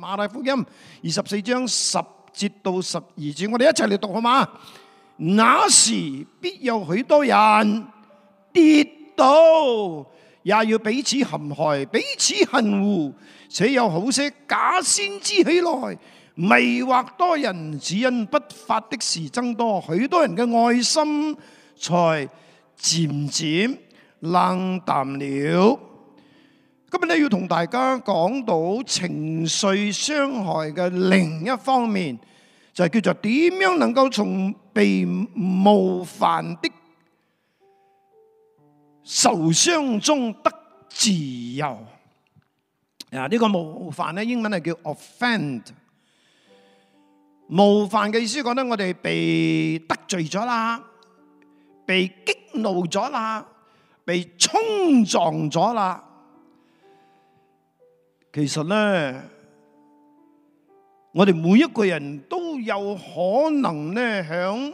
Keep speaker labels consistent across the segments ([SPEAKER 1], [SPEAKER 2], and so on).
[SPEAKER 1] 馬太福音二十四章十節到十二節，我哋一齊嚟讀好嘛？那時必有許多人跌倒，也要彼此陷害，彼此恨惡，且有好些假先知起來，迷惑多人。只因不法的事增多，許多人嘅愛心才漸漸冷淡了。今日咧要同大家講到情緒傷害嘅另一方面，就係叫做點樣能夠從被冒犯的受傷中得自由。啊，呢個冒犯咧英文係叫 offend。冒犯嘅意思講得我哋被得罪咗啦，被激怒咗啦，被衝撞咗啦。其實咧，我哋每一個人都有可能咧，響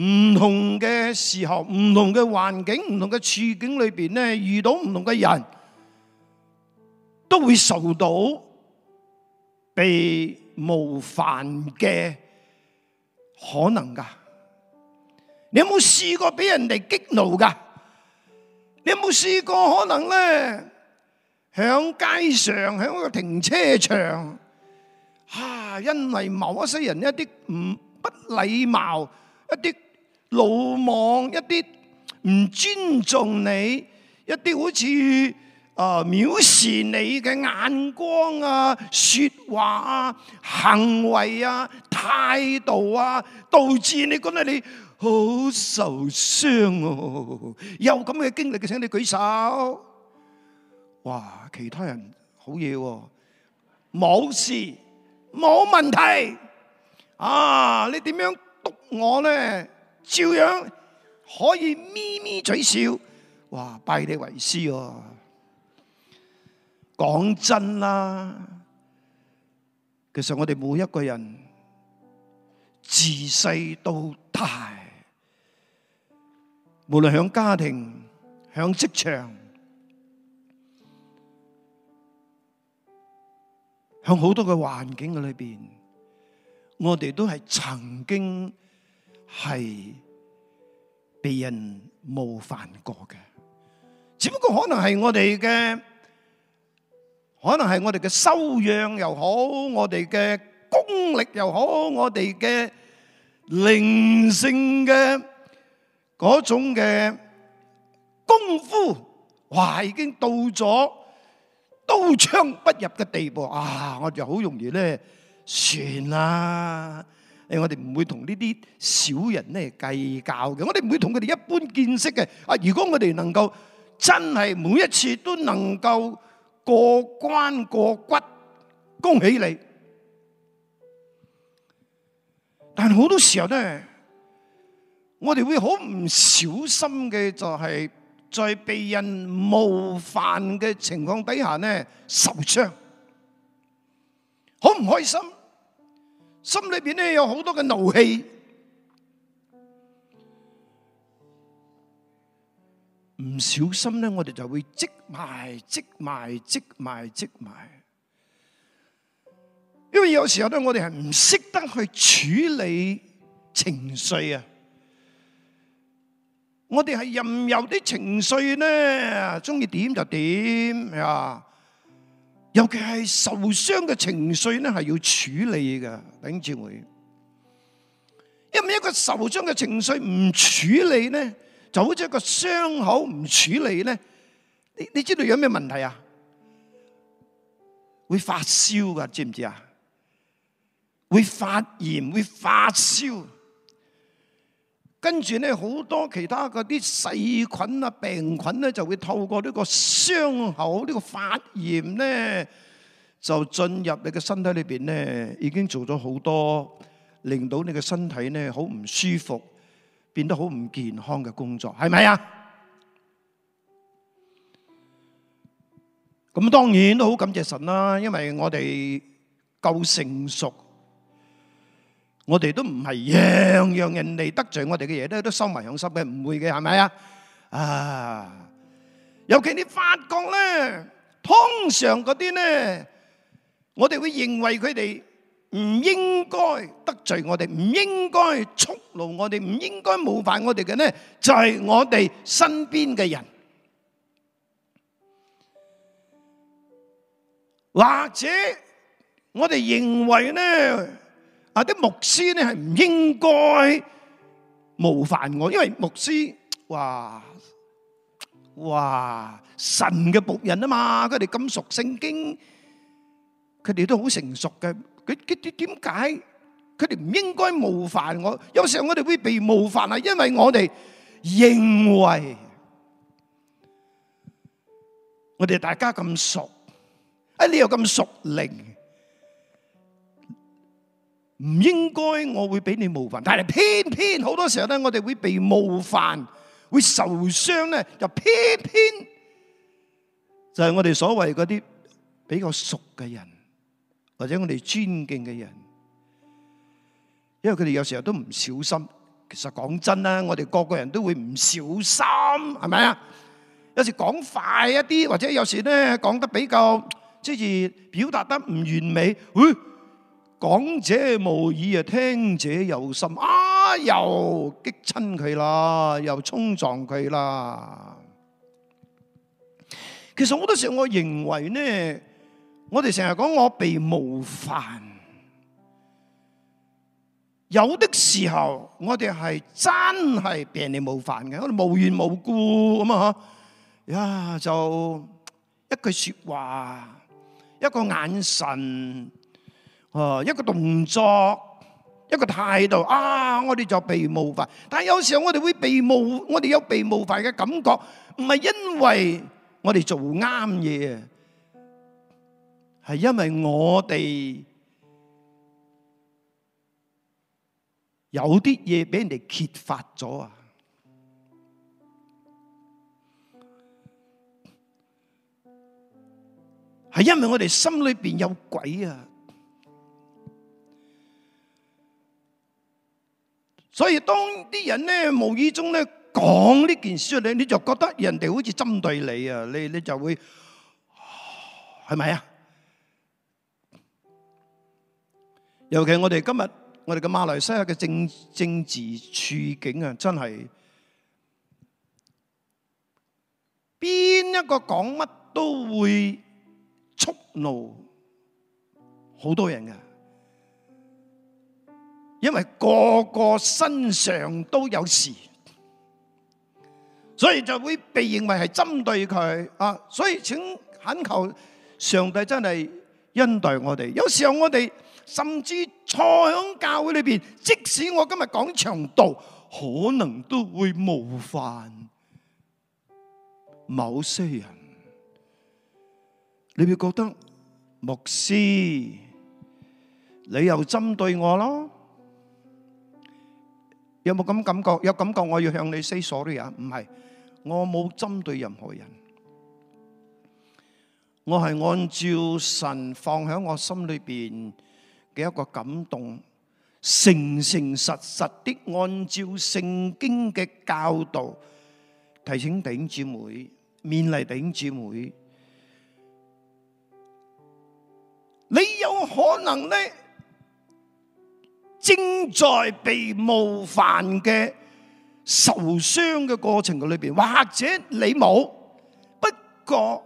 [SPEAKER 1] 唔同嘅時候、唔同嘅環境、唔同嘅處境裏面咧，遇到唔同嘅人，都會受到被冒犯嘅可能噶。你有冇試過俾人哋激怒噶？你有冇試過可能咧？響街上，響個停車場，啊！因為某一些人一啲唔不禮貌、一啲魯莽、一啲唔尊重你、一啲好似啊、呃、藐視你嘅眼光啊、說話啊、行為啊、態度啊，導致你覺得你好受傷哦。有咁嘅經歷嘅，請你舉手。哇！其他人好嘢喎，冇事冇問題啊！你點樣督我咧？照樣可以咪咪嘴笑。哇！拜你為師喎，哦。講真啦，其實我哋每一個人自細到大，無論喺家庭、喺職場，喺好多嘅環境嘅裏邊，我哋都係曾經係被人冒犯過嘅，只不過可能係我哋嘅，可能係我哋嘅修養又好，我哋嘅功力又好，我哋嘅靈性嘅嗰種嘅功夫，哇，已經到咗。刀槍不入嘅地步啊！我就好容易咧，算啦！我哋唔會同呢啲小人咧計較嘅，我哋唔會同佢哋一般見識嘅。啊，如果我哋能夠真係每一次都能夠過關過骨，恭喜你！但係好多時候咧，我哋會好唔小心嘅，就係、是。在被人冒犯嘅情況底下呢，受傷，好唔開心，心裏面呢有好多嘅怒氣，唔小心呢我哋就會積埋積埋積埋積埋，因為有時候呢我哋係唔識得去處理情緒啊。我哋係任由啲情緒呢，中意點就點，係嘛？尤其係受傷嘅情緒呢，係要處理嘅，等住佢。因為一個受傷嘅情緒唔處理呢，就好似一個傷口唔處理呢，你你知道有咩問題啊？會發燒噶，知唔知啊？會發炎，會發燒。跟住咧，好多其他嗰啲細菌啊、病菌咧，就會透過呢個傷口、呢個發炎咧，就進入你嘅身體裏邊咧，已經做咗好多，令到你嘅身體咧好唔舒服，變得好唔健康嘅工作，係咪啊？咁當然都好感謝神啦，因為我哋夠成熟。我哋都唔係樣樣人哋得罪我哋嘅嘢，都都收埋響心嘅，唔會嘅係咪啊？啊，尤其你發覺咧，通常嗰啲咧，我哋會認為佢哋唔應該得罪我哋，唔應該觸怒我哋，唔應該冒犯我哋嘅咧，就係我哋身邊嘅人，或者我哋認為咧。啲牧師咧係唔應該冒犯我，因為牧師嘩嘩神嘅僕人啊嘛，佢哋咁熟聖經，佢哋都好成熟嘅。佢佢點解佢哋唔應該冒犯我？有時候我哋會被冒犯啊，因為我哋認為我哋大家咁熟，誒你又咁熟靈。唔應該，我會俾你冒犯，但係偏偏好多時候咧，我哋會被冒犯，會受傷咧，就偏偏就係我哋所謂嗰啲比較熟嘅人，或者我哋尊敬嘅人，因為佢哋有時候都唔小心。其實講真啦，我哋個個人都會唔小心，係咪啊？有時講快一啲，或者有時咧講得比較，即係表達得唔完美，會。講者無語啊，聽者有心啊，又激親佢啦，又衝撞佢啦。其實好多時候，我認為呢，我哋成日講我被冒犯，有的時候我哋係真係被你冒犯嘅，我哋無緣無故咁啊！嗬，呀就一句說話，一個眼神。哦，一個動作，一個態度啊！我哋就被冒犯，但係有時候我哋會被冒，我哋有被冒犯嘅感覺，唔係因為我哋做啱嘢，係因為我哋有啲嘢俾人哋揭發咗啊！係因為我哋心裏邊有鬼啊！所以當啲人咧無意中咧講呢件事出嚟，你就覺得人哋好似針對你啊！你你就會，係咪啊？尤其我哋今日我哋嘅馬來西亞嘅政政治處境啊，真係邊一個講乜都會觸怒好多人嘅。因為個個身上都有事，所以就會被認為係針對佢啊！所以請懇求上帝真係恩待我哋。有時候我哋甚至坐響教會裏邊，即使我今日講長道，可能都會冒犯某些人。你會覺得牧師，你又針對我咯？有冇咁感覺？有感覺，我要向你 say sorry 啊！唔係，我冇針對任何人，我係按照神放喺我心裏邊嘅一個感動，誠誠實實的按照聖經嘅教導，提醒弟兄姊妹，勉勵弟兄姊妹。你有可能呢？正在被冒犯嘅受傷嘅過程嘅裏邊，或者你冇，不過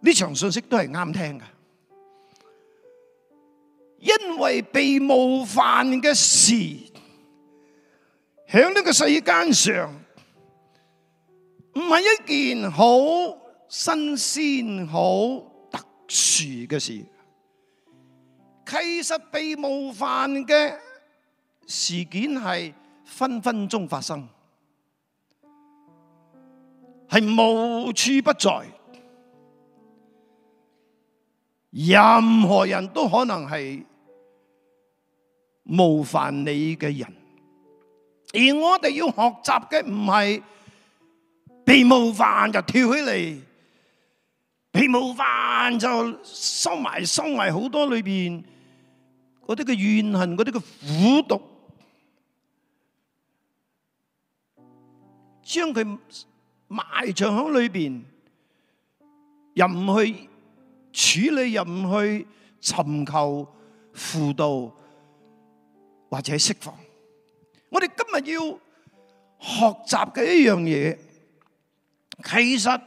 [SPEAKER 1] 呢場信息都係啱聽㗎，因為被冒犯嘅事，響呢個世界上唔係一件好新鮮、好特殊嘅事。其實被冒犯嘅事件係分分鐘發生，係無處不在。任何人都可能係冒犯你嘅人，而我哋要學習嘅唔係被冒犯就跳起嚟，被冒犯就收埋收埋好多裏面。嗰啲嘅怨恨，嗰啲嘅苦毒，將佢埋藏喺裏邊，又唔去處理，又唔去尋求輔導或者釋放。我哋今日要學習嘅一樣嘢，其實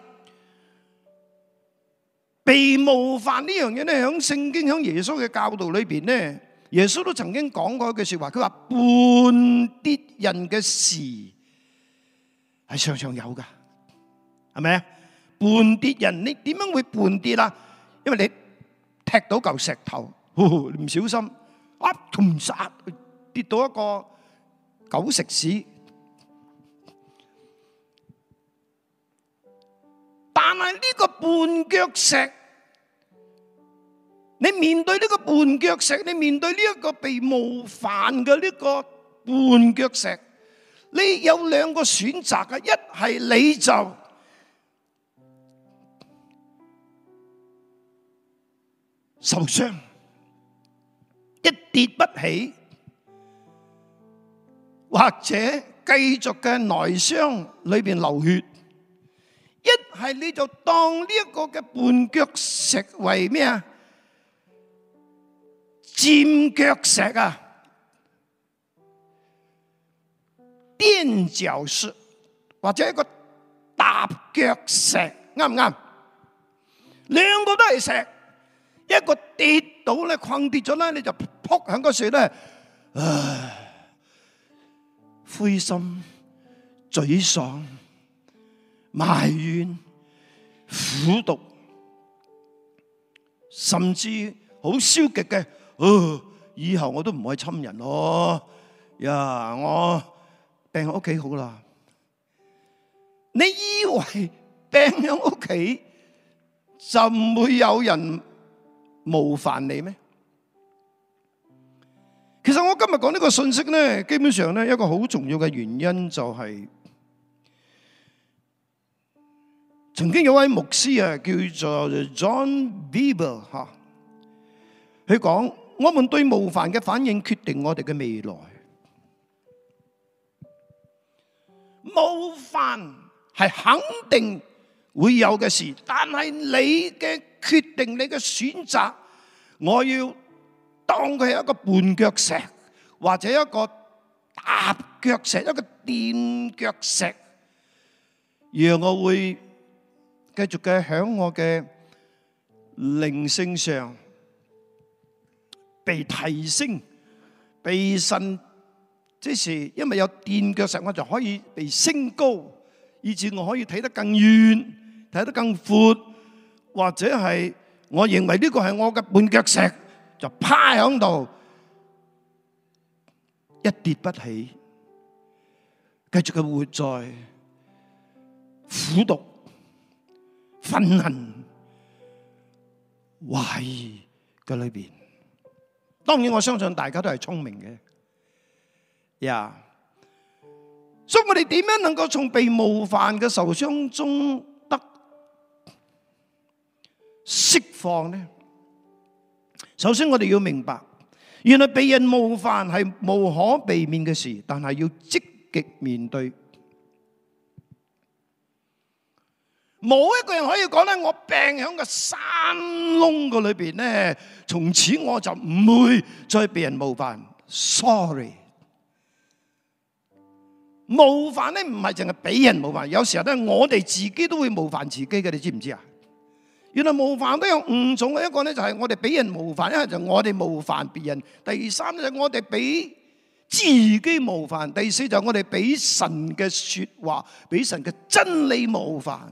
[SPEAKER 1] 被冒犯呢樣嘢咧，喺聖經、喺耶穌嘅教導裏邊咧。耶穌都曾經講過一句說話，佢話絆跌人嘅事係常常有噶係咪啊？絆跌人你點樣會絆跌呀？因為你踢到嚿石頭，唔小心，突然間跌到一個狗食屎。但係呢個絆腳石。你面對呢個絆腳石，你面對呢一個被冒犯嘅呢個絆腳石，你有兩個選擇嘅，一係你就受傷，一跌不起，或者繼續嘅內傷裏邊流血，一係你就當呢一個嘅絆腳石為咩啊？墊腳石啊，墊腳石或者一個踏腳石，啱唔啱？兩個都係石，一個跌倒咧，困跌咗啦，你就撲響嗰處咧，唉，灰心、沮喪、埋怨、苦毒，甚至好消極嘅。哦，以後我都唔會侵人咯。呀，我病喺屋企好啦。你以為病喺屋企就唔會有人冒犯你咩？其實我今日講呢個信息咧，基本上咧一個好重要嘅原因就係，曾經有位牧師啊，叫做 John Bieber 吓，佢講。我們對冒犯嘅反應決定我哋嘅未來。冒犯係肯定會有嘅事，但係你嘅決定、你嘅選擇，我要當佢係一個絆腳石，或者一個踏腳石，一個墊腳石，讓我會繼續嘅響我嘅靈性上。被提升、被信，即是因為有墊腳石，我就可以被升高，以致我可以睇得更遠、睇得更闊，或者係我認為呢個係我嘅絆腳石，就趴響度，一跌不起，繼續嘅活在苦毒、憤恨、懷疑嘅裏邊。當然我相信大家都係聰明嘅，呀！所以我哋點樣能夠從被冒犯嘅受傷中得釋放呢？首先我哋要明白，原來被人冒犯係無可避免嘅事，但係要積極面對。冇一個人可以講咧，我病喺個山窿個裏邊咧。從此我就唔會再被人冒犯。Sorry，冒犯咧唔係淨係俾人冒犯，有時候咧我哋自己都會冒犯自己嘅，你知唔知啊？原來冒犯都有五種嘅，一個咧就係我哋俾人冒犯，一係就我哋冒犯別人，第三就係我哋俾自己冒犯，第四就係我哋俾神嘅說話，俾神嘅真理冒犯。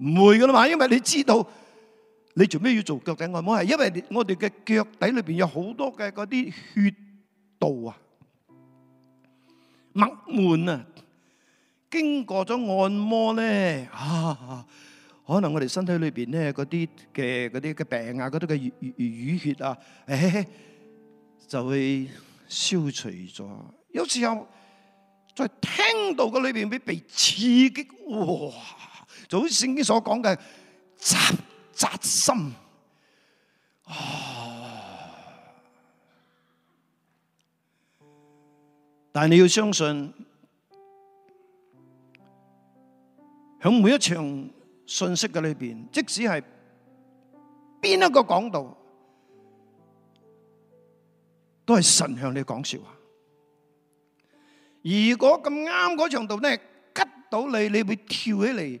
[SPEAKER 1] 唔會噶啦嘛，因為你知道你做咩要做腳底按摩係，因為我哋嘅腳底裏邊有好多嘅嗰啲血道啊、脈門啊，經過咗按摩咧，嚇，可能我哋身體裏邊咧嗰啲嘅嗰啲嘅病啊、嗰啲嘅淤血啊，就會消除咗。有時候在聽到嗰裏邊會被刺激，哇！就好似聖經所講嘅扎扎心，哦！但係你要相信，喺每一場信息嘅裏邊，即使係邊一個講道，都係神向你講說話。如果咁啱嗰場道咧，吉到你，你會跳起嚟。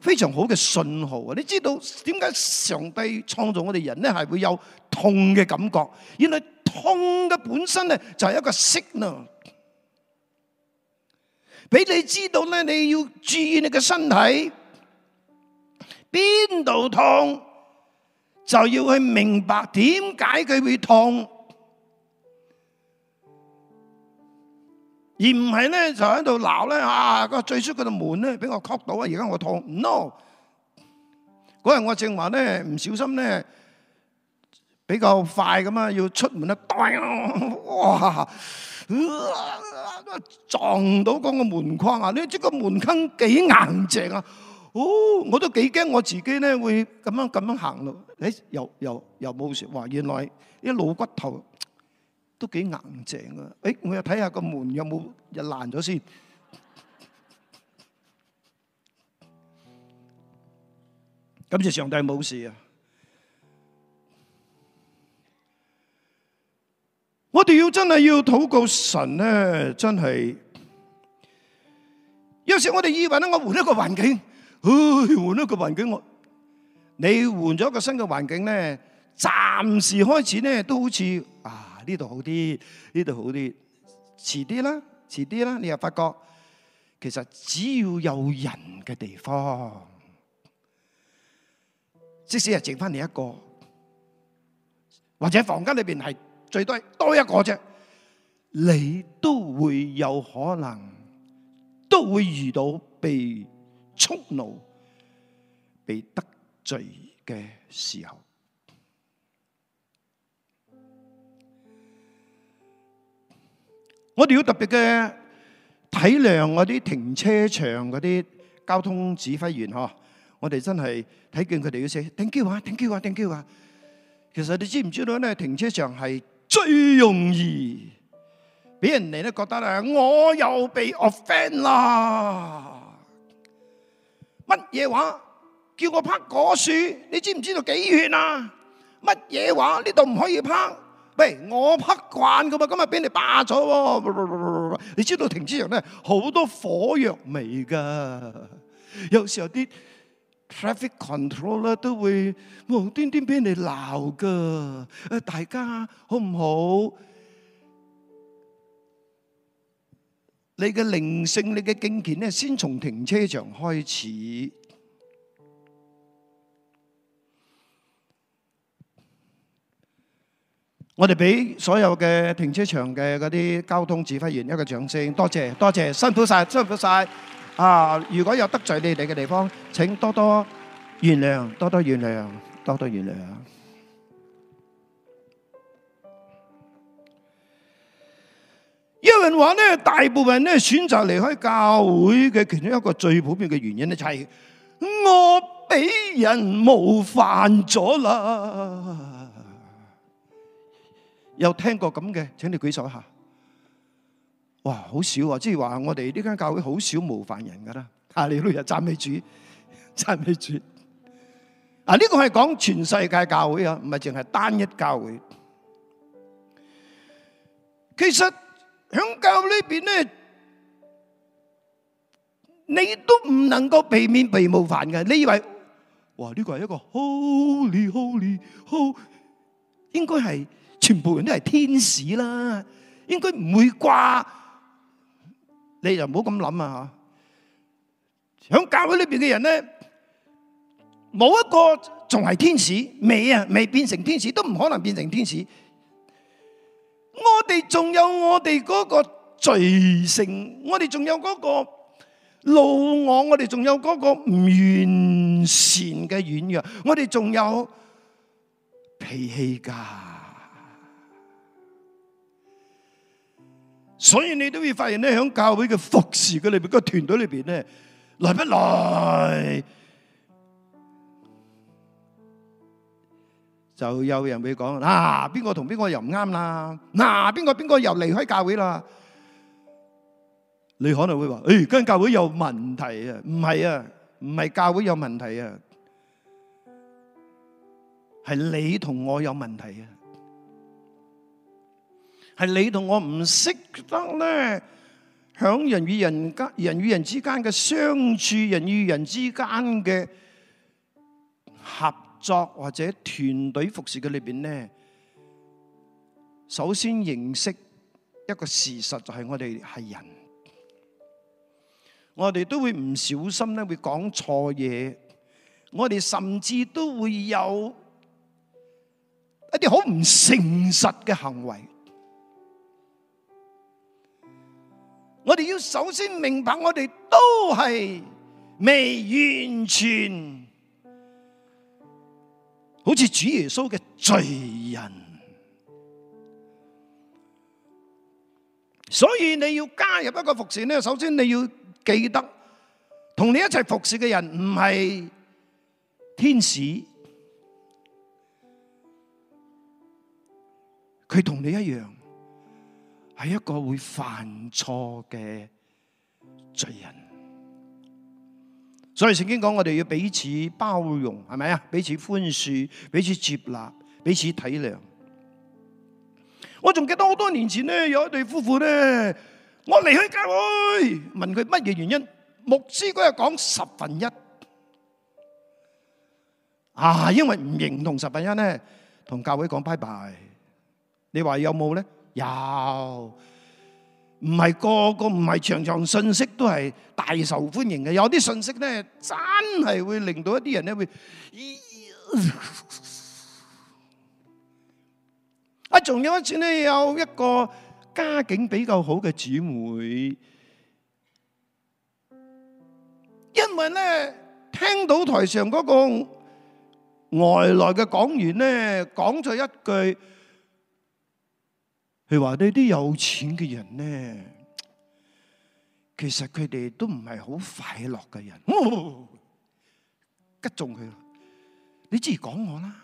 [SPEAKER 1] 非常好嘅信號啊！你知道點解上帝創造我哋人咧，係會有痛嘅感覺？原來痛嘅本身呢，就係一個 signal，俾你知道呢，你要注意你嘅身體邊度痛，就要去明白點解佢會痛。而唔係咧，就喺度鬧咧啊！個最衰嗰度門咧，俾我磕到啊！而家我痛。no，嗰日我正話咧，唔小心咧比較快咁啊，要出門啊，哇！啊、撞到嗰個門框啊！呢，即個門框幾硬淨啊？哦，我都幾驚我自己咧會咁樣咁樣行路。誒，又又又冇事。話原來啲老骨頭，都幾硬淨啊！誒，我又睇下個門有冇又爛咗先。感謝上帝冇事啊！我哋要真係要禱告神咧，真係。有時我哋以為咧，我換一個環境，去換一個環境，我你換咗個新嘅環境咧，暫時開始咧都好似啊～呢度好啲，呢度好啲，遲啲啦，遲啲啦，你又發覺，其實只要有人嘅地方，即使係剩翻你一個，或者房間裏邊係最多多一個啫，你都會有可能都會遇到被觸怒、被得罪嘅時候。我哋要特別嘅體諒嗰啲停車場嗰啲交通指揮員嗬，我哋真係睇見佢哋要寫點叫啊，點叫啊，點叫啊。其實你知唔知道咧？停車場係最容易俾人哋都覺得啊，我又被 offend 啦。乜嘢話？叫我泊果樹？你知唔知道幾遠啊？乜嘢話？呢度唔可以泊。喂，我黑慣噶嘛，今日俾你霸咗喎、啊啊啊啊啊！你知道停車場咧好多火藥味噶，有時候啲 traffic controller 都會無端端俾你鬧噶、啊。大家好唔好？你嘅靈性、你嘅敬虔咧，先從停車場開始。我哋俾所有嘅停車場嘅嗰啲交通指揮員一個掌聲，多謝多謝，辛苦晒辛苦晒啊！如果有得罪你哋嘅地方，請多多原諒，多多原諒，多多原諒。因為話咧，大部分人咧選擇離開教會嘅其中一個最普遍嘅原因咧，就係我俾人冒犯咗啦。有聽過咁嘅？請你舉手一下。哇，好少啊！即係話我哋呢間教會好少冒犯人噶啦。啊，你呢日讚美主，讚美主。啊，呢個係講全世界教會啊，唔係淨係單一教會。其實響教呢邊咧，你都唔能夠避免被冒犯嘅。你以為哇？呢個係一個 Holy，Holy，Holy，應該係。全部人都係天使啦，應該唔會掛。你就唔好咁諗啊！響教會裏邊嘅人咧，冇一個仲係天使，未啊，未變成天使都唔可能變成天使。我哋仲有我哋嗰個罪性，我哋仲有嗰個老我，我哋仲有嗰個唔完善嘅軟弱，我哋仲有脾氣噶。所以你都會發現咧，喺教會嘅服侍佢裏邊，個團隊裏邊咧，來不來就有人會講：，嗱，邊個同邊個又唔啱啦？嗱，邊個邊個又離開教會啦？你可能會話：，誒，間教會有問題啊？唔係啊，唔係教會有問題啊，係你同我有問題啊。係你同我唔識得咧，喺人與人間、人與人之間嘅相處、人與人之間嘅合作或者團隊服侍嘅裏邊咧，首先認識一個事實，就係我哋係人，我哋都會唔小心咧會講錯嘢，我哋甚至都會有一啲好唔誠實嘅行為。我哋要首先明白，我哋都係未完全，好似主耶穌嘅罪人。所以你要加入一個服侍咧，首先你要記得，同你一齊服侍嘅人唔係天使，佢同你一樣。係一個會犯錯嘅罪人，所以聖經講我哋要彼此包容，係咪啊？彼此寬恕，彼此接納，彼此體諒。我仲記得好多年前呢，有一對夫婦咧，我離開教會，問佢乜嘢原因，牧師嗰日講十分一，啊，因為唔認同十分一咧，同教會講拜拜。你話有冇咧？有，唔係個個，唔係場場信息都係大受歡迎嘅，有啲信息咧真係會令到一啲人咧會，啊，仲有一次咧有一個家境比較好嘅姊妹，因為咧聽到台上嗰個外來嘅講員咧講咗一句。佢話呢啲有錢嘅人呢，其實佢哋都唔係好快樂嘅人，吉、哦、中佢啦。你之前講我啦，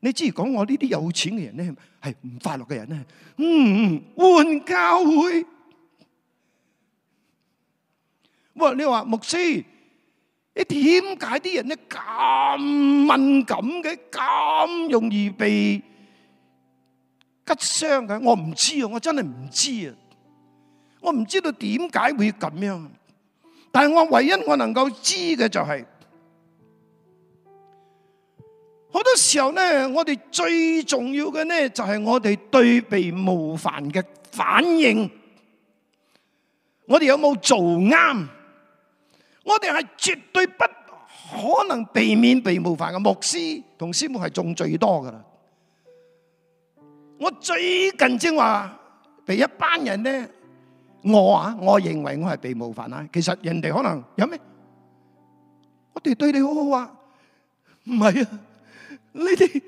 [SPEAKER 1] 你之前講我呢啲有錢嘅人呢，係唔快樂嘅人呢？嗯，換教會。喂、哦，你話牧師，你點解啲人呢咁敏感嘅，咁容易被？吉傷嘅，我唔知啊！我真係唔知啊！我唔知道點解會咁樣。但係我唯一我能夠知嘅就係、是，好多時候咧，我哋最重要嘅咧就係我哋對被冒犯嘅反應。我哋有冇做啱？我哋係絕對不可能避免被冒犯嘅。牧師同師母係中最多噶啦。我最近正話，被一班人咧，我啊，我認為我係被冒犯啊。其實人哋可能有咩？我哋對你好好啊，唔係啊？呢啲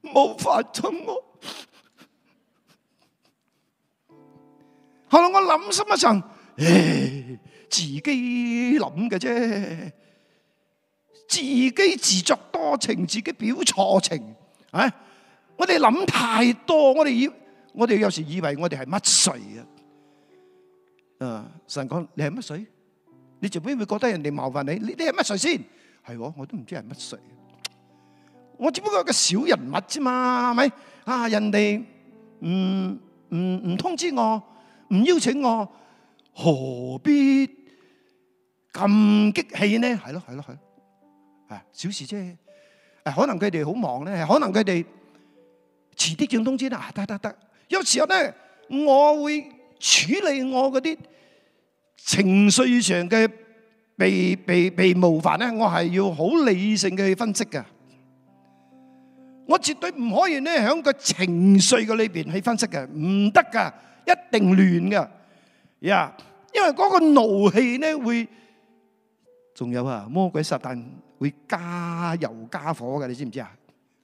[SPEAKER 1] 冒犯咗我。後、嗯、來 我諗深一層，誒、哎，自己諗嘅啫，自己自作多情，自己表錯情，啊、哎！我哋諗太多，我哋以我哋有時以為我哋係乜誰啊？啊！神講你係乜誰？你最邊會覺得人哋冒犯你？你你係乜誰先？係，我都唔知係乜誰。我只不過係個小人物啫嘛，係咪啊？人哋唔唔唔通知我，唔邀請我，何必咁激氣呢？係咯，係咯，係咯。啊，小事啫。啊，可能佢哋好忙咧，可能佢哋。遲啲叫通知啦、啊，得得得。有時候咧，我會處理我嗰啲情緒上嘅被被被冒犯咧，我係要好理性嘅去分析嘅。我絕對唔可以咧喺個情緒嘅裏邊去分析嘅，唔得噶，一定亂噶。呀、yeah，因為嗰個怒氣咧會，仲有啊，魔鬼撒旦會加油加火嘅，你知唔知啊？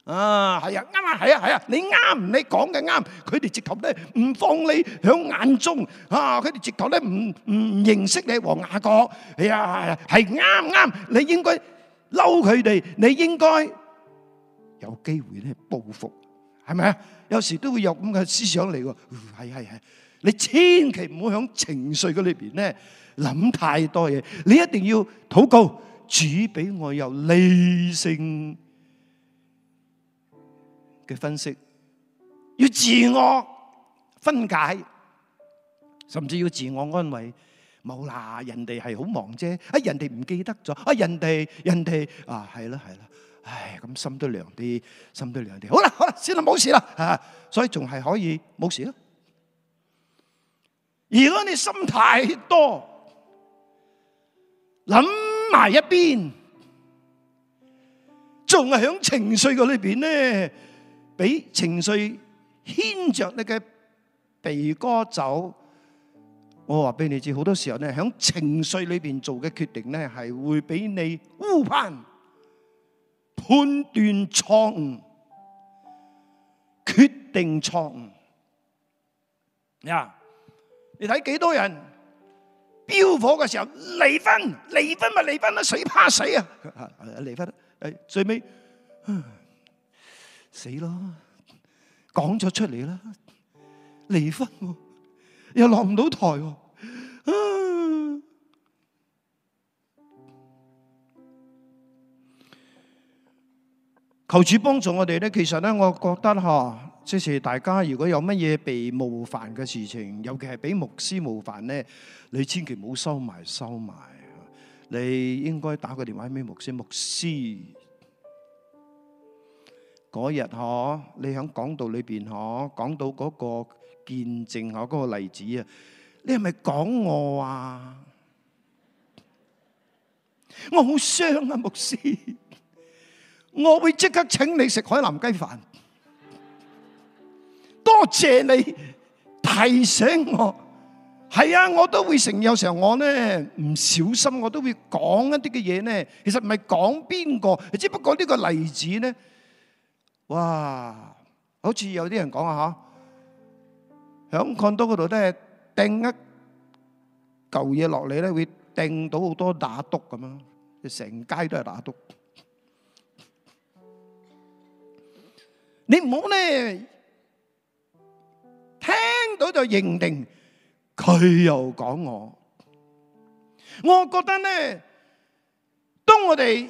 [SPEAKER 1] 啊，係啊，啱啊，係啊，係啊，你啱，你講嘅啱，佢哋直頭咧唔放你響眼中，啊，佢哋直頭咧唔唔認識你黃雅各，係啊係啊，係啱啱，你應該嬲佢哋，你應該有機會咧報復，係咪啊？有時都會有咁嘅思想嚟喎，係係係，你千祈唔好響情緒嘅裏邊咧諗太多嘢，你一定要禱告，主俾我有理性。嘅分析，要自我分解，甚至要自我安慰，冇啦，人哋係好忙啫，啊，人哋唔記得咗，啊，人哋人哋啊，係啦係啦，唉，咁心都涼啲，心都涼啲，好啦好啦，先啦冇事啦，所以仲係可以冇事咯。如果你心太多，諗埋一邊，仲係響情緒嗰裏邊咧。俾情緒牽著你嘅鼻哥走，我話俾你知，好多時候咧響情緒裏邊做嘅決定咧係會俾你誤判、判斷錯誤、決定錯誤。呀，你睇幾多人飆火嘅時候離婚，離婚咪離婚啦，誰怕誰啊？離婚，誒，最尾。死咯！講咗出嚟啦，離婚喎，又落唔到台喎。求主幫助我哋咧，其實咧，我覺得嗬，即是大家如果有乜嘢被冒犯嘅事情，尤其係俾牧師冒犯咧，你千祈唔好收埋收埋，你應該打個電話俾牧師，牧師。嗰日嗬你喺講道裏邊嗬講到嗰個見證可嗰個例子啊？你係咪講我啊？我好傷啊，牧師，我會即刻請你食海南雞飯。多謝你提醒我。係啊，我都會承認有時候我咧唔小心，我都會講一啲嘅嘢，咧。其實唔係講邊個，只不過呢個例子咧。哇！好似有啲人講啊，吓，響廣東嗰度都係掟一嚿嘢落嚟咧，會掟到好多打督咁樣！成街都係打督。你唔好咧聽到就認定佢又講我。我覺得咧，當我哋。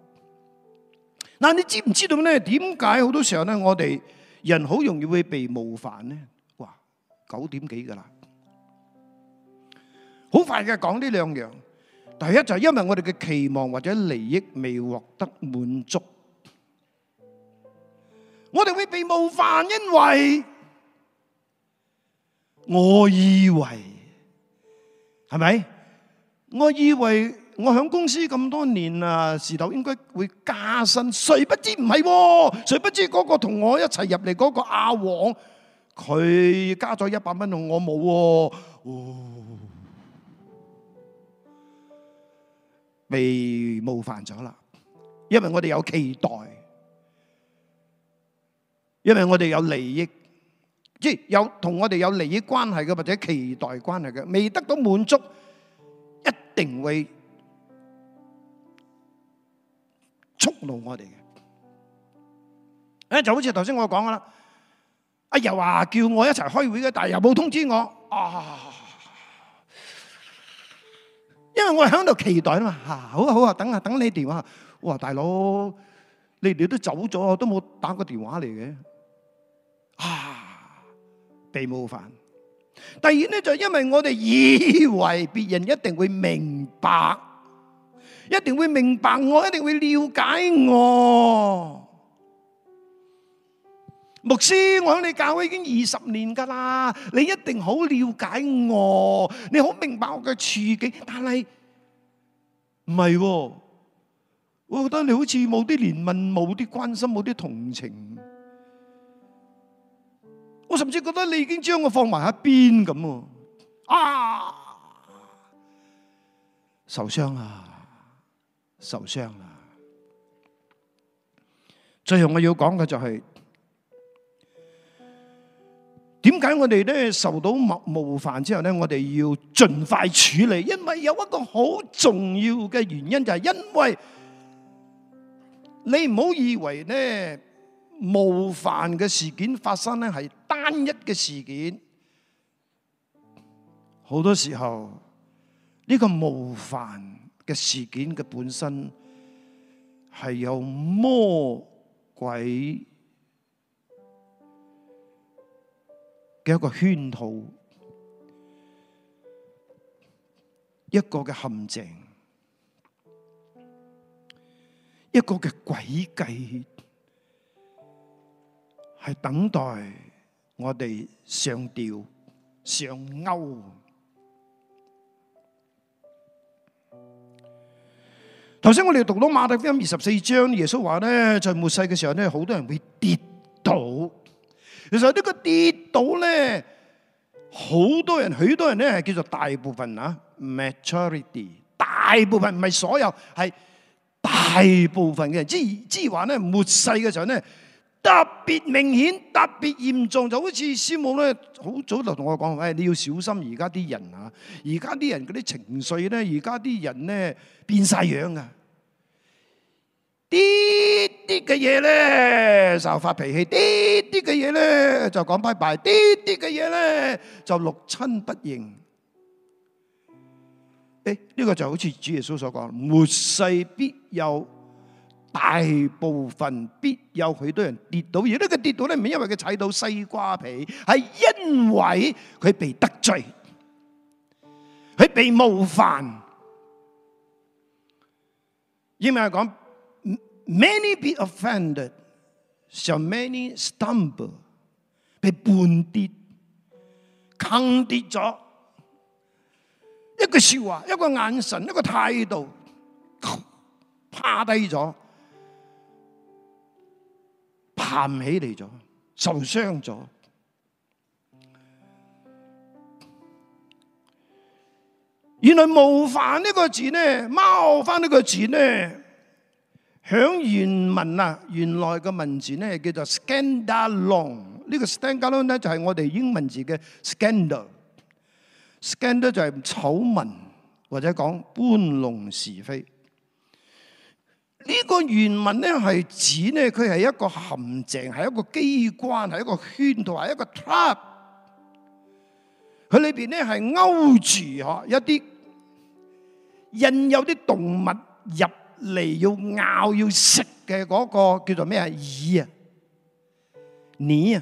[SPEAKER 1] 嗱，你知唔知道咧？點解好多時候咧，我哋人好容易會被冒犯咧？哇，九點幾噶啦，好快嘅講呢兩樣。第一就係因為我哋嘅期望或者利益未獲得滿足，我哋會被冒犯，因為我以為，係咪？我以為。我喺公司咁多年啦，時頭應該會加薪，誰不知唔係，誰不知嗰個同我一齊入嚟嗰個阿黃，佢加咗一百蚊，我冇，哦，被冒犯咗啦，因為我哋有期待，因為我哋有利益，即係有同我哋有利益關係嘅或者期待關係嘅，未得到滿足，一定會。觸怒我哋嘅，誒，就好似頭先我講啦，阿又話叫我一齊開會嘅，但係又冇通知我，啊，因為我喺度期待啊嘛，吓，好啊好啊，等下等你電話，哇，大佬，你哋都走咗，都冇打個電話嚟嘅，啊，被冒犯。第二呢，就因為我哋以為別人一定會明白。一定會明白我，一定會了解我，牧師，我喺你教會已經二十年噶啦，你一定好了解我，你好明白我嘅處境，但係唔係，我覺得你好似冇啲憐憫，冇啲關心，冇啲同情，我甚至覺得你已經將我放埋一邊咁啊，受傷啊。受傷啦！最後我要講嘅就係，點解我哋咧受到冒冒犯之後咧，我哋要盡快處理，因為有一個好重要嘅原因就係因為，你唔好以為咧冒犯嘅事件發生咧係單一嘅事件，好多時候呢個冒犯。嘅事件嘅本身係有魔鬼嘅一個圈套，一個嘅陷阱，一個嘅詭計，係等待我哋上吊、上勾。頭先我哋讀到馬太福音二十四章，耶穌話咧，在、就是、末世嘅時候咧，好多人會跌倒。其實呢個跌倒咧，好多人、許多人咧係叫做大部分啊 majority 大部分唔係所有，係大部分嘅人即即係話咧，末世嘅時候咧。特別明顯，特別嚴重，就好似師母咧，好早就同我講，誒、哎，你要小心而家啲人啊！而家啲人嗰啲情緒咧，而家啲人咧變晒樣啊！啲啲嘅嘢咧，就發脾氣，啲啲嘅嘢咧，就講拜拜；啲啲嘅嘢咧，就六親不認。誒、哎，呢、這個就好似主耶穌所講，末世必有。大部分必有許多人跌倒，而呢個跌倒咧，唔係因為佢踩到西瓜皮，係因為佢被得罪，佢被冒犯。英文嚟講，many be offended，so many stumble，被絆跌，坑跌咗。一個笑話，一個眼神，一個態度，趴低咗。談起嚟咗，受傷咗。原來冒犯呢個字呢，貓翻呢個字呢，響原文啊，原來嘅文字呢，叫做 scandalon。呢個 scandalon 呢，就係我哋英文字嘅 scandal。scandal 就係醜聞或者講搬弄是非。呢個原文咧係指咧，佢係一個陷阱，係一個機關，係一個圈同埋一個 trap。佢裏邊咧係勾住吓一啲引有啲動物入嚟要咬要食嘅嗰個叫做咩啊？餌啊，餌啊！你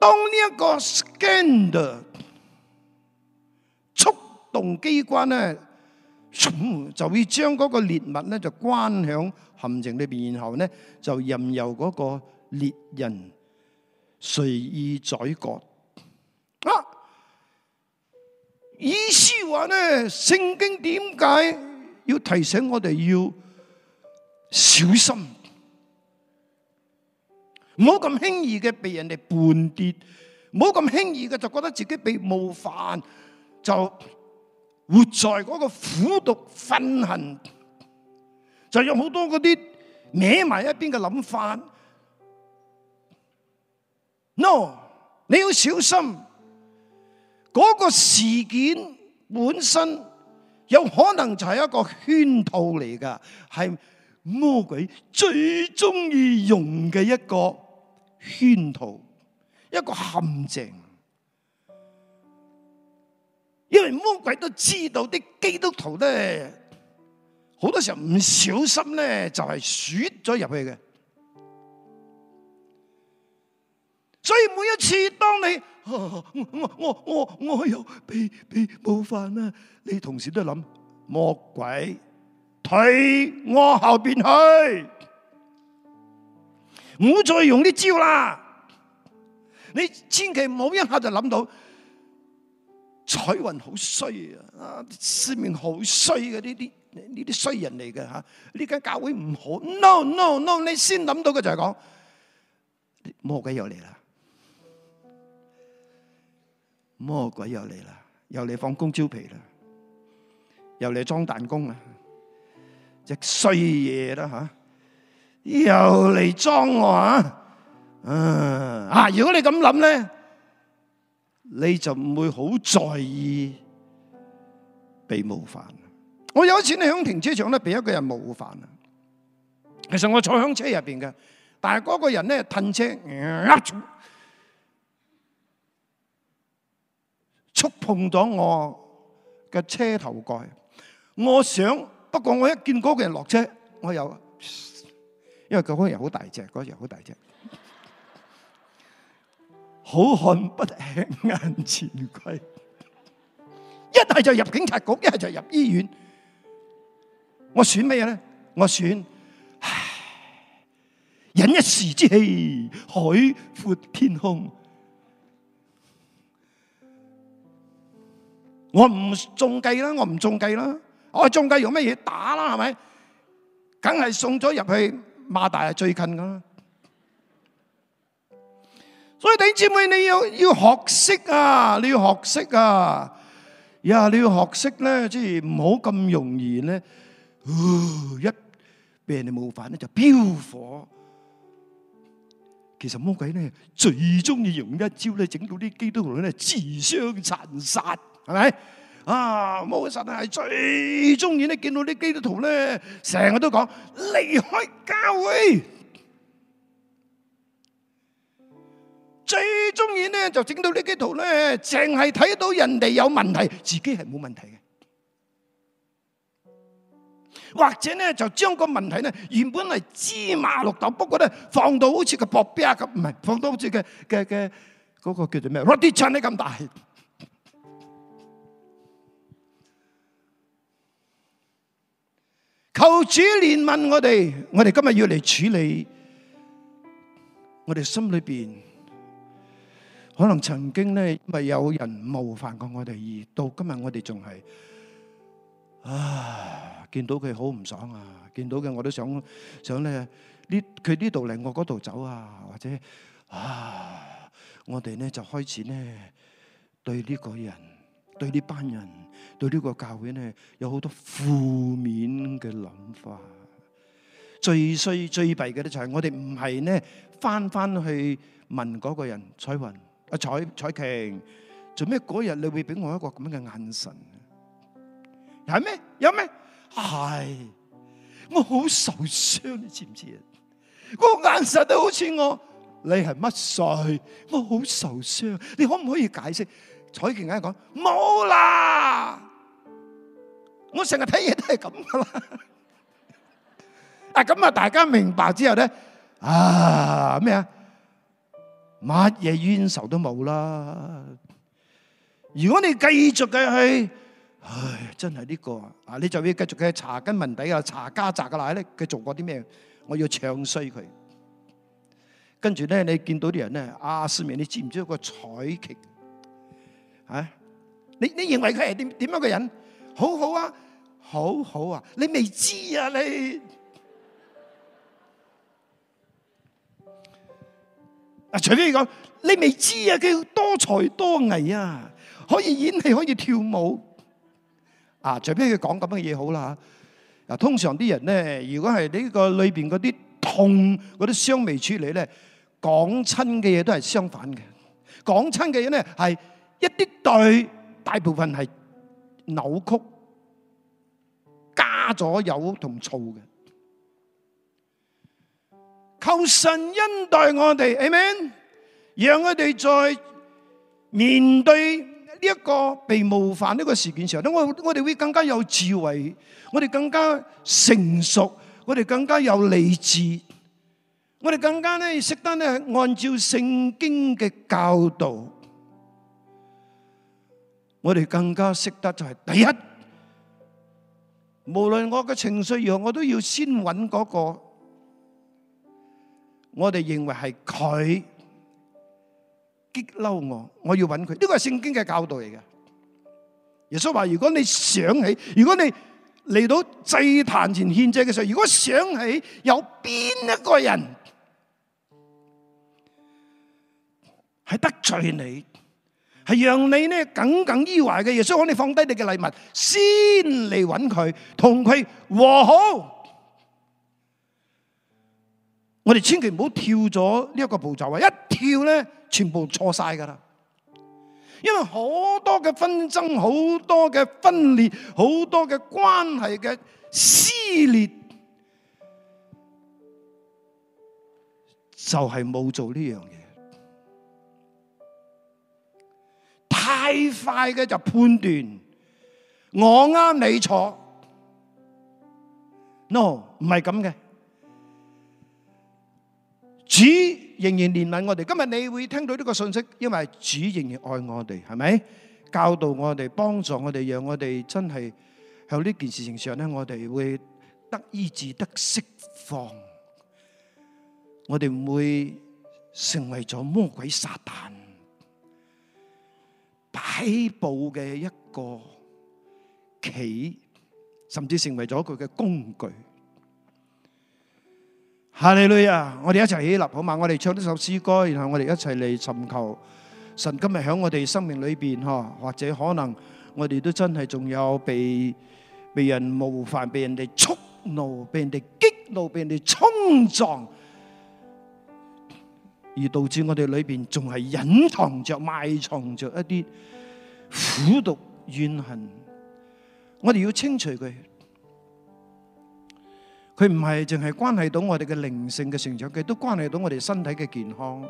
[SPEAKER 1] 當呢一個 scandal 觸動機關咧，就會將嗰個獵物咧就關響陷阱裏邊，然後咧就任由嗰個獵人隨意宰割。啊，意思話咧，聖經點解要提醒我哋要小心？唔好咁輕易嘅被人哋絆跌，唔好咁輕易嘅就覺得自己被冒犯，就活在嗰個苦毒憤恨，就有好多嗰啲歪埋一邊嘅諗法。No，你要小心，嗰個事件本身有可能就係一個圈套嚟㗎，係魔鬼最中意用嘅一個。圈套，一個陷阱，因為魔鬼都知道啲基督徒咧，好多時候唔小心咧就係選咗入去嘅，所以每一次當你我我我我我又被被冒犯啦，你同時都諗，魔鬼退我後邊去。唔好再用啲招啦！你千祈唔好一下就諗到彩雲好衰啊！啊，市面好衰嘅，呢啲呢啲衰人嚟嘅吓，呢、啊、間教會唔好。No no no！你先諗到嘅就係講魔鬼又嚟啦，魔鬼又嚟啦，又嚟放工蕉皮啦，又嚟裝彈弓啊！隻衰嘢啦吓。又嚟裝我啊！啊！如果你咁諗咧，你就唔會好在意被冒犯。我有一次喺停車場咧，俾一個人冒犯啊！其實我坐響車入邊嘅，但係嗰個人咧，褪車、啊、觸碰咗我嘅車頭蓋。我想，不過我一見嗰個人落車，我又～因為嗰個人好大隻，嗰、嗰個人好大隻，好漢不吃眼前虧，一係就入警察局，一係就入醫院。我選咩咧？我選唉，忍一時之氣，海闊天空。我唔中計啦，我唔中計啦，我中計用乜嘢打啦？係咪？梗係送咗入去。馬大係最近㗎啦，所以弟兄姊妹你要要學識啊，你要學識啊，呀你要學識咧，即係唔好咁容易咧，一被人冒犯咧就飆火。其實魔鬼咧最中意用一招咧，整到啲基督徒咧自相殘殺，係咪？啊！冇神係最中意咧，見到啲基督徒咧，成日都講離開教會。最中意咧就整到呢啲基督徒咧，淨係睇到人哋有問題，自己係冇問題嘅。或者咧就將個問題咧，原本係芝麻綠豆，不過咧放到好似個薄餅咁，唔係，放到好似嘅嘅嘅嗰個叫做咩？羅啲腸咁大。求主憐憫我哋，我哋今日要嚟處理，我哋心裏邊可能曾經咧咪有人冒犯過我哋，而到今日我哋仲係啊，見到佢好唔爽啊，見到佢我都想想咧呢佢呢度嚟，我嗰度走啊，或者啊我哋咧就開始咧對呢個人。對呢班人，對呢個教會咧，有好多負面嘅諗法。最衰最弊嘅咧，就係我哋唔係咧翻翻去問嗰個人彩雲啊彩彩瓊，做咩嗰日你會俾我一個咁樣嘅眼神？係咩？有咩？係我好受傷，你知唔知啊？個眼神都好似我，你係乜水？我好受傷，你可唔可以解釋？彩券梗係講冇啦，我成日睇嘢都係咁噶啦。啊咁啊，大家明白之後咧，啊咩啊，乜嘢冤仇都冇啦。如果你繼續嘅去，唉，真係呢個啊，你就要繼續嘅查根問底啊，查家宅嘅啦，咧佢做過啲咩？我要唱衰佢。跟住咧，你見到啲人咧，阿思明，你知唔知個彩劇？啊！你你認為佢係點點樣嘅人？好好啊，好好啊！你未知啊你。啊，除非佢講，你未知啊，佢多才多藝啊，可以演戲，可以跳舞。啊，除非佢講咁嘅嘢好啦吓。嗱，通常啲人咧，如果係呢個裏邊嗰啲痛嗰啲傷未處理咧，講親嘅嘢都係相反嘅。講親嘅嘢咧係。一啲對，大部分係扭曲加咗油同醋嘅。求神恩待我哋，Amen，讓我哋在面對呢一個被冒犯呢個事件時候，咁我我哋會更加有智慧，我哋更加成熟，我哋更加有理智，我哋更加咧識得咧按照聖經嘅教導。我哋更加識得就係第一，無論我嘅情緒如何，我都要先揾嗰個，我哋認為係佢激嬲我，我要揾佢，呢個係聖經嘅教導嚟嘅。耶穌話：如果你想起，如果你嚟到祭壇前獻祭嘅時候，如果想起有邊一個人係得罪你。係讓你呢耿耿於懷嘅嘢，所以可能你放低你嘅禮物，先嚟揾佢，同佢和好。我哋千祈唔好跳咗呢一個步驟啊！一跳咧，全部錯晒噶啦。因為好多嘅紛爭、好多嘅分裂、好多嘅關係嘅撕裂，就係冇做呢樣嘢。太快嘅就判斷我啱你錯，No，唔係咁嘅。主仍然憐憫我哋，今日你會聽到呢個信息，因為主仍然愛我哋，係咪教導我哋，幫助我哋，讓我哋真係喺呢件事情上咧，我哋會得醫治，得釋放，我哋唔會成為咗魔鬼撒旦。擺布嘅一個棋，甚至成為咗佢嘅工具。哈利路亞，我哋一齊起立好嘛！我哋唱呢首詩歌，然後我哋一齊嚟尋求神。今日響我哋生命裏邊嗬，或者可能我哋都真係仲有被被人冒犯、被人哋觸怒、被人哋激怒、被人哋衝撞。而導致我哋裏邊仲係隱藏着、埋藏着一啲苦毒怨恨，我哋要清除佢。佢唔係淨係關係到我哋嘅靈性嘅成長，佢亦都關係到我哋身體嘅健康。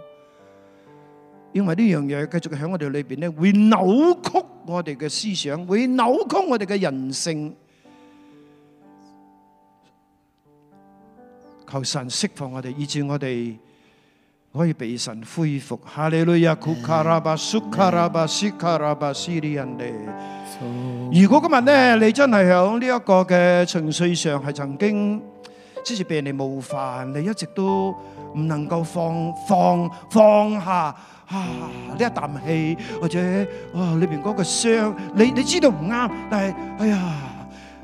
[SPEAKER 1] 因為呢樣嘢，繼續喺我哋裏邊咧，會扭曲我哋嘅思想，會扭曲我哋嘅人性。求神釋放我哋，以致我哋。可以被神恢復。哈利路亞，庫卡拉巴、蘇卡拉巴、斯卡拉巴、斯里人哋。如果今日咧，你真係喺呢一個嘅情緒上係曾經，即是被人哋冒犯，你一直都唔能夠放放放下啊呢一啖氣，或者啊裏邊嗰個傷，你你知道唔啱，但係哎呀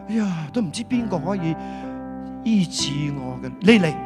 [SPEAKER 1] 哎呀都唔知邊個可以醫治我嘅，你嚟。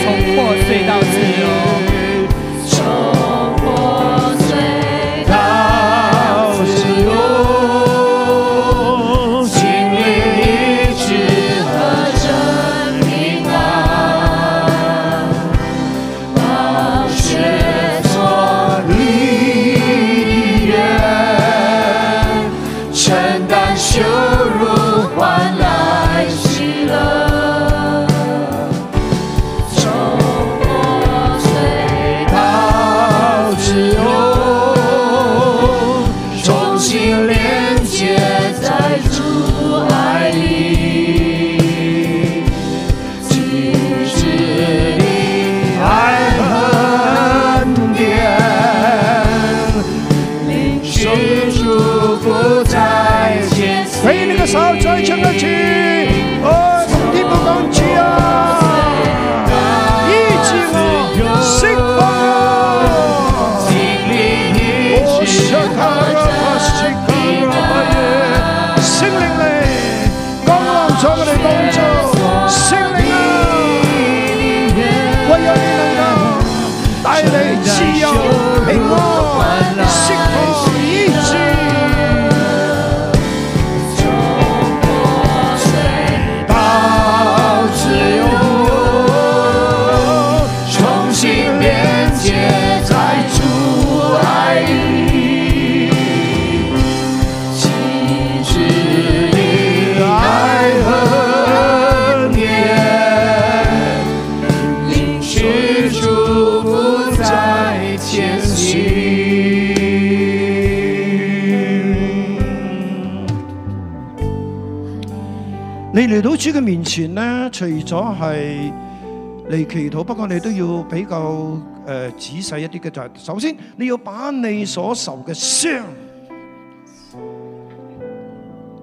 [SPEAKER 1] 嚟到主嘅面前呢，除咗係嚟祈禱，不過你都要比較誒仔細一啲嘅，就係首先你要把你所受嘅傷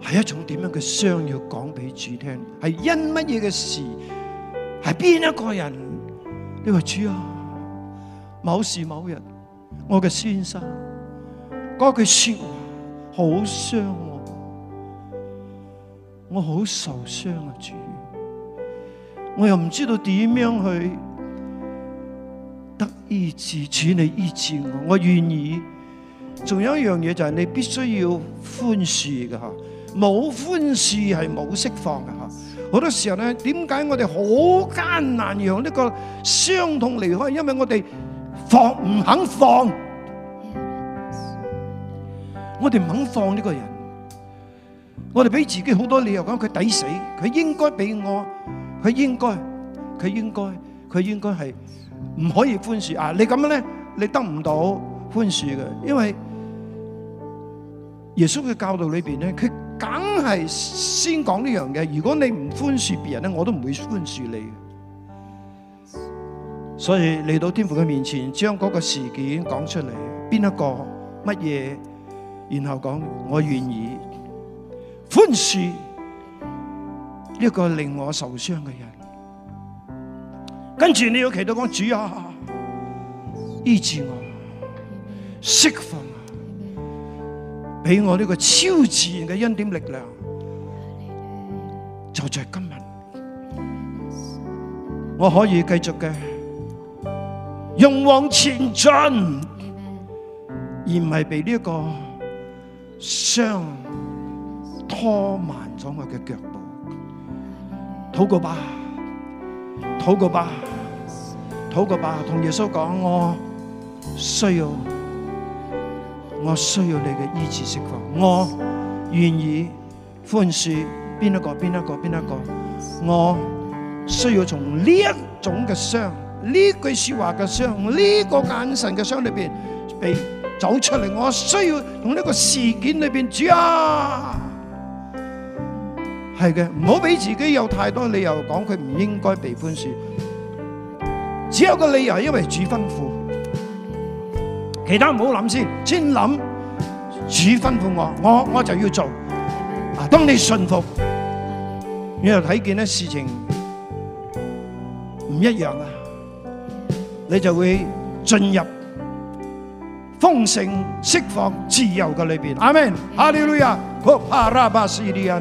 [SPEAKER 1] 係一種點樣嘅傷，要講俾主聽，係因乜嘢嘅事，係邊一個人？你話主啊，某時某日，我嘅先生嗰句說話好傷我。我好受傷啊！主，我又唔知道點樣去得醫治，主你醫治我，我願意。仲有一樣嘢就係你必須要寬恕嘅吓，冇寬恕係冇釋放嘅吓。好多時候咧，點解我哋好艱難讓呢個傷痛離開？因為我哋放唔肯放，我哋唔肯放呢個人。我哋俾自己好多理由講佢抵死，佢應該俾我，佢應該，佢應該，佢應該係唔可以寬恕啊！你咁樣咧，你得唔到寬恕嘅，因為耶穌嘅教導裏邊咧，佢梗係先講呢樣嘅。如果你唔寬恕別人咧，我都唔會寬恕你嘅。所以嚟到天父嘅面前，將嗰個事件講出嚟，邊一個乜嘢，然後講我願意。寬恕一個令我受傷嘅人，跟住你要祈禱講主啊，醫治我，釋放我，俾我呢個超自然嘅恩典力量，就在今日，我可以繼續嘅勇往前進，而唔係被呢一個傷，拖慢咗我嘅腳步，禱告吧，禱告吧，禱告吧，同耶穌講，我需要，我需要你嘅醫治釋放，我願意寬恕邊一個，邊一個，邊一個，我需要從呢一種嘅傷，呢句說話嘅傷，呢個眼神嘅傷裏邊被走出嚟，我需要從呢個事件裏邊主啊！係嘅，唔好俾自己有太多理由講佢唔應該被寬恕，只有個理由係因為主吩咐，其他唔好諗先，先諗主吩咐我，我我就要做。啊，當你順服，然後睇見呢事情唔一樣啦，你就會進入豐盛、釋放、自由嘅裏邊。阿門，哈利路亞，我怕拉巴西利亞。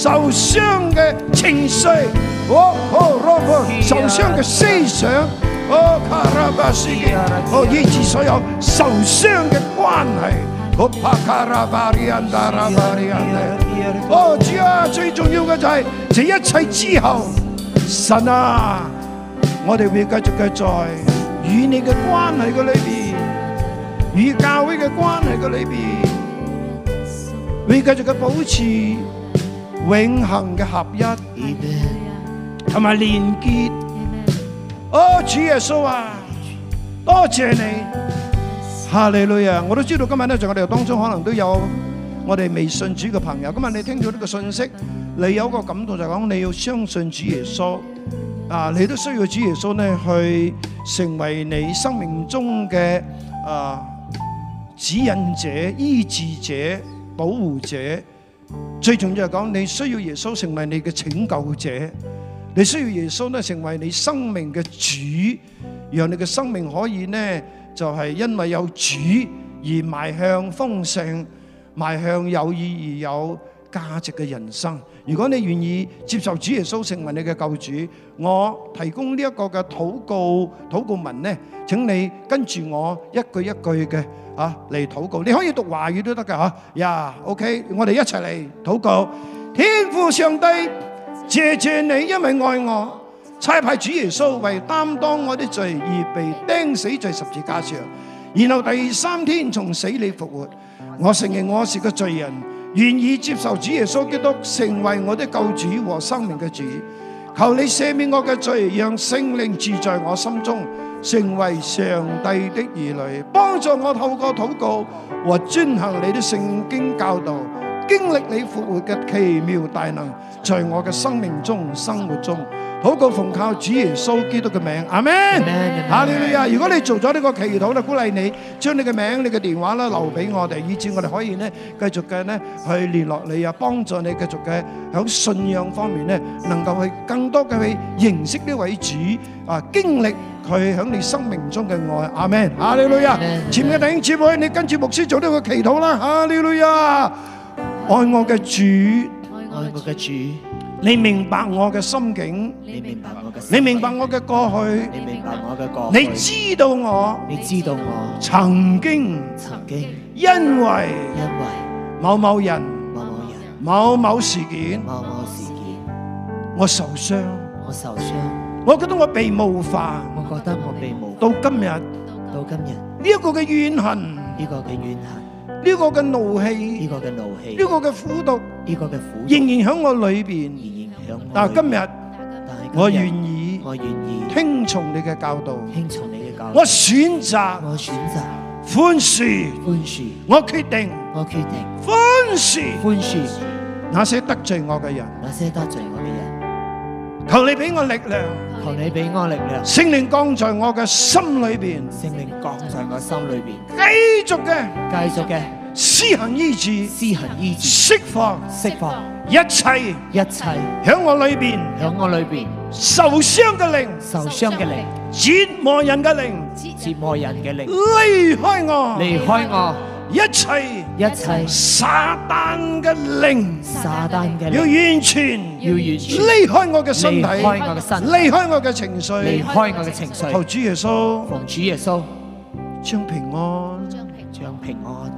[SPEAKER 1] 受傷嘅情緒，哦哦、受傷嘅思想，哦卡羅、以至、所有受傷嘅關係，哦帕卡哦主啊，最重要嘅就係，這一切之後，神啊，我哋會繼續嘅在與你嘅關係嘅裏邊，與教會嘅關係嘅裏邊，會繼續嘅保持。永恆嘅合一同埋連結，哦、oh, 主耶穌啊，多謝你，哈利路亞，我都知道今日咧，在我哋當中可能都有我哋未信主嘅朋友，今日你聽到呢個信息，你有個感動就係講你要相信主耶穌啊，你都需要主耶穌呢去成為你生命中嘅啊指引者、醫治者、保護者。最重要係講，你需要耶穌成為你嘅拯救者，你需要耶穌呢成為你生命嘅主，讓你嘅生命可以呢就是因為有主而邁向豐盛，邁向有意義有。價值嘅人生，如果你願意接受主耶穌成為你嘅救主，我提供呢一個嘅禱告禱告文呢，請你跟住我一句一句嘅啊嚟禱告。你可以讀華語都得㗎吓，呀，OK，我哋一齊嚟禱告。天父上帝，謝謝你因為愛我，差派主耶穌為擔當我的罪而被釘死在十字架上，然後第三天從死裏復活。我承認我是個罪人。願意接受主耶穌基督成為我的救主和生命嘅主，求你赦免我嘅罪，讓聖靈住在我心中，成為上帝的兒女，幫助我透過禱告和遵行你的聖經教導，經歷你復活嘅奇妙大能，在我嘅生命中、生活中。禱告奉靠主耶穌基督嘅名，阿門。啊，哈利路亞，如果你做咗呢個祈禱咧，鼓勵你將你嘅名、你嘅電話啦留俾我哋，以致我哋可以咧繼續嘅咧去聯絡你啊，幫助你繼續嘅響信仰方面咧，能夠去更多嘅去認識呢位主啊，經歷佢響你生命中嘅愛，阿門。啊，哈利路亞，前面嘅弟兄姊妹，你跟住牧師做呢個祈禱啦。啊，哈利路亞，愛我嘅主，愛我嘅主。你明白我嘅心境，你明白我嘅，你明白我嘅過去，你明白我嘅過去，你知道我，你知道我，曾經曾經，因為因為某某人某某人某某事件某某事件，我受傷我受傷，我覺得我被冒犯，我覺得我被冒犯，到今日到今日呢一個嘅怨恨呢個嘅怨恨。呢個嘅怒氣，呢個嘅怒氣，呢個嘅苦毒，呢個嘅苦毒，仍然響我裏邊。仍然響我裏邊。但，今日我願意，我願意聽從你嘅教導，聽從你嘅教導。我選擇，我選擇寬恕，寬恕。我決定，我決定寬恕，寬恕那些得罪我嘅人，那些得罪我嘅人。求你俾我力量，求你俾我力量。聖靈降在我嘅心裏邊，聖靈降在我心裏邊。繼續嘅，繼續嘅。施行醫治，施行醫治，釋放釋放一切一切響我裏邊，響我裏邊受傷嘅靈，受傷嘅靈折磨人嘅靈，折磨人嘅靈離開我，離開我，一切一切撒旦嘅靈，撒旦嘅靈要完全要完全離開我嘅身體，離開我嘅身體，離開我嘅情緒，離開我嘅情緒。求主耶穌，奉主耶穌，將平安，將平安。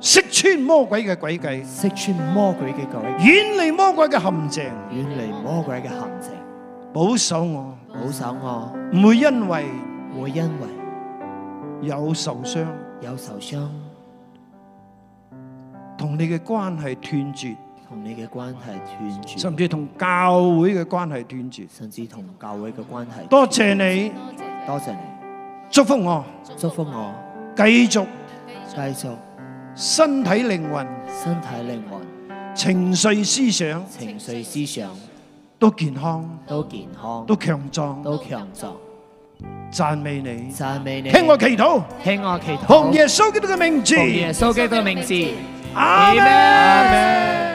[SPEAKER 1] 識穿魔鬼嘅詭計，識穿魔鬼嘅詭計，遠離魔鬼嘅陷阱，遠離魔鬼嘅陷阱。保守我，保守我，唔會因為，唔會因為有受傷，有受傷，同你嘅關係斷絕，同你嘅關係斷絕，甚至同教會嘅關係斷絕，甚至同教會嘅關係斷絕。多謝你，多謝你，祝福我，祝福我，繼續，繼續。身體靈魂，身體靈魂，情緒思想，情緒思想，都健康，都健康，都強壯，都強壯。讚美你，讚美你，聽我祈禱，聽我祈禱，奉耶穌基督嘅名字，奉耶穌基督嘅名字，阿門。